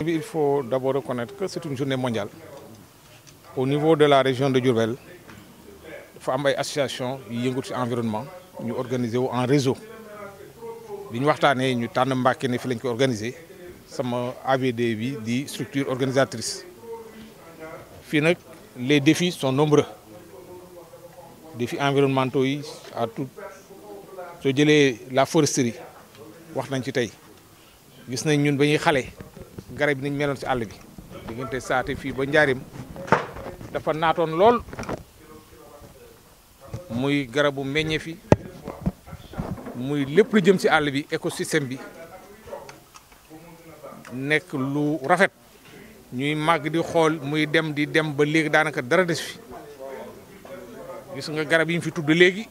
Il faut d'abord reconnaître que c'est une journée mondiale. Au niveau de la région de Diourbel, il am ay association qui est environnement, nous wu en réseau. ñu tànn Nous avons organisé sama AVD bi di structure organisatrice fii nag les défis sont nombreux défis environnementaux yi à tout soo jëlee la foresterie wax nañ ci tey gis nañ ñun ba ñuy xale garab yi nañ meloon ci àll bi diggante saate fii ba njaarim dafa naatoon lool muy garabu meññeef fi muy lépp lu jëm si àll bi écosystème bi nekk lu rafet ñuy màgg di xool muy dem di dem ba léegi daanaka dara des fi gis nga garab yi fi tudd léegi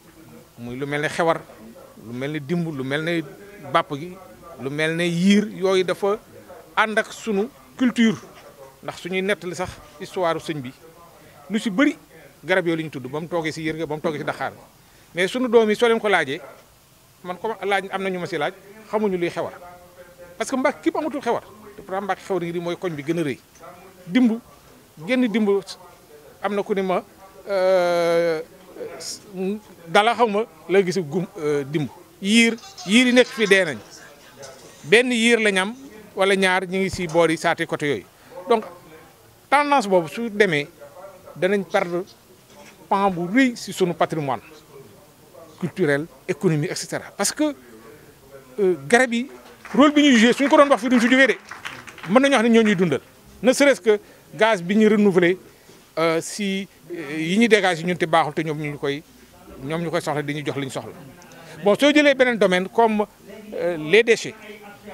muy lu mel ni xewar lu mel ni dimb lu mel ni bàpp gi lu mel ni yiir yooyu dafa ànd ak sunu culture ndax suñuy nettali sax histoire sëñ bi lu si bëri garab yooyu li ñu tudd ba mu toogee si yërga ba mu toogee si daxaar mais sunu doom yi soo leen ko laajee man ko laaj am na ñu ma si laaj xamuñu luy xewar parce que mbàkk képp amatul xewar te pourtant mbàkk xewar yi mooy koñ bi gën a rëy dimb génn dimb am na ku ne ma euh, dala xaw ma la gis gum euh, dimb yiir yiir yi nekk fii dee nañ benn yiir lañ am wala ñaar ñi ngi si boor yi saati côté yooyu donc tendance boobu su demee danañ perdre pan bu rëy si sunu patrimoine culturel économie et cetera parce que euh, garab yi rôle bi ñuy joué suñ ko doon wax fi duñ si jógee de mën nañu wax ne ñoo ñuy dundal ne serait-ce que gaz bi ñu renouveler euh, si euh, yi ñuy dégage ñun te baaxul te ñoom ñu koy ñoom ñu koy soxla dañuy jox li ñu soxla bon soo jëlee beneen domaine comme les déchets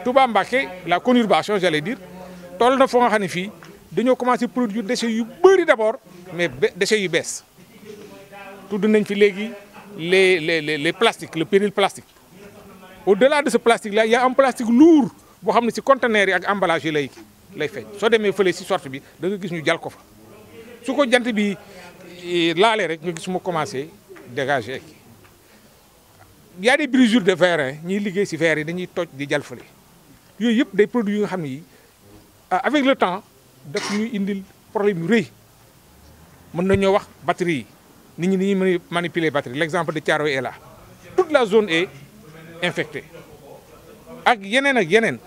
Touba Mbacké la conurbation j'allais dire toll na foo nga xam ne fii dañoo commencé produire déchets yu bëri d'abord mais déchets yu bees tudd nañ fi léegi les les les plastiques le péril plastique au-delà de ce plastique là il y a un plastique boo xam ne si conteneurs yi ak emballage yi lay lay feeñ soo demee fële si sort bi da gis ñu jal ko fa su ko jant bi e, laalee rek nga gis mu commencé dégager ak y a des brisures de verre ñiy liggéey si verre yi dañuy toj di jal fële yooyu yëpp day produits yu nga xam ne yi ah, avec le temps daf ñuy indil problème yu rëy mën nañoo wax batterie yi nit ñi dañuy mën manipuler batterie l' exemple de Thiaroye est là la zone et infectée ak yeneen ak yeneen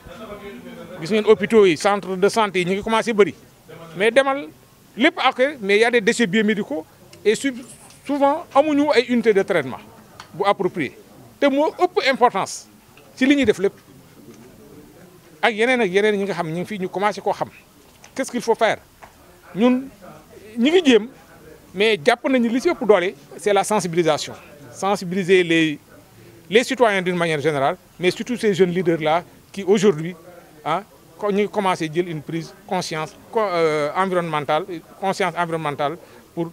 gis ngeen hôpitaux yi centre de santé yi ñu ngi commencé bëri mais demal lépp ak mais y a des déchets biomédicaux et souvent amuñu ay unité de traitement bu approprié te moo ëpp importance ci li ñuy def lépp ak yeneen ak yeneen ñi nga xam ñu ngi fii ñu commencé koo xam qu'est-ce qu'il faut faire ñun ñi ngi jéem mais jàpp nañu li ci ëpp doole c'est la sensibilisation sensibiliser les les citoyens d'une manière générale mais surtout ces jeunes leaders là qui aujourd'hui ah ñu ngi commencé jël une prise conscience euh, environnementale conscience environnementale pour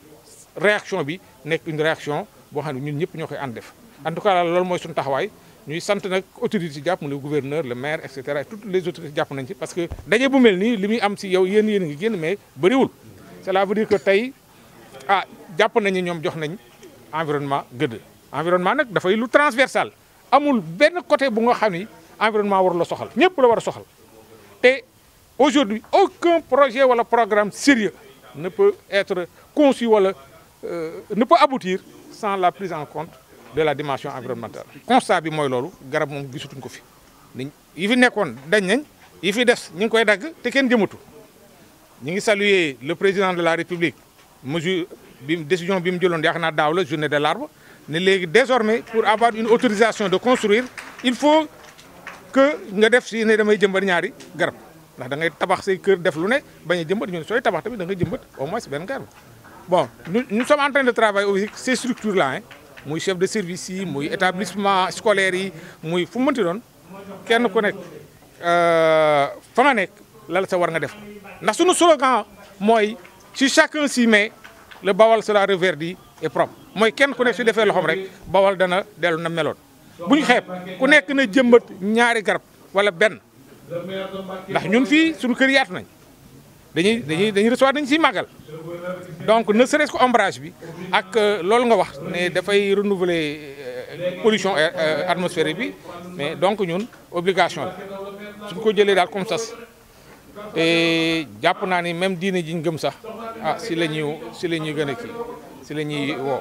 réaction bi nekk une réaction boo xam ne ñun ñëpp ñoo koy ànd def en tout cas loolu mooy suñu taxawaay ñuy sant nag autorités jàpp mu le gouverneur la maire et cetera toutes les autorités jàpp nañ ci parce que daje bu mel nii li muy am si yow yéen yéen ngi génn mais bëriwul cela veut dire que tey ah jàpp nañu ñoom jox nañ environnement gëdd environnement nag dafay lu transversal amul benn côté bu nga xam ni environnement war la soxal ñëpp la war a soxal te aujourd'hui aucun projet wala programme sérieux ne peut être conçu wala euh, ne peut aboutir sans la prise en compte de la dimension environnementale. constat bi mooy loolu garab moom gisatuñ ko fi ni yi fi nekkoon dañ nañ yi fi des ñu ngi koy dagg te kenn jëmatu ñu ngi saluer le président de la république mesure bi décision bi mu jëloon yaakaar naa daaw la journée de l'arbre ne léegi désormais pour avoir une autorisation de construire il faut que nga def si ne damay jëmbat ñaari garab ndax da ngay tabax say kër def lu ne bañ a jëmbat ñun sooy tabax tamit da ngay jëmbat au moins benn garab bon nous nous sommes en train de travailler ces structures là muy chef de service yi muy établissement scolaire yi muy fu mu mënti doon kenn ku nekk euh, fa nga nekk lala sa war nga def ndax sunu slogan mooy si chacun si mais le Bawal sera reverdit et prop mooy kenn ku nekk si defee loxoom rek Bawal dana dellu na meloon bu ñu xeeb ku nekk na jëmbat ñaari garab wala benn ndax ñun fii suñu kër yaatu nañ dañuy dañuy dañuy recevoir dañ siy màggal donc ne serait-ce ombrage bi ak euh, loolu nga wax ne dafay renouveler euh, pollution euh, atmosphérique bi mais donc ñun obligation la suñ ko jëlee daal comme sas te jàpp naa ni même diine ji ñu gëm sax ah si la ñuy si la ñuy gën a kii si la ñuy woo.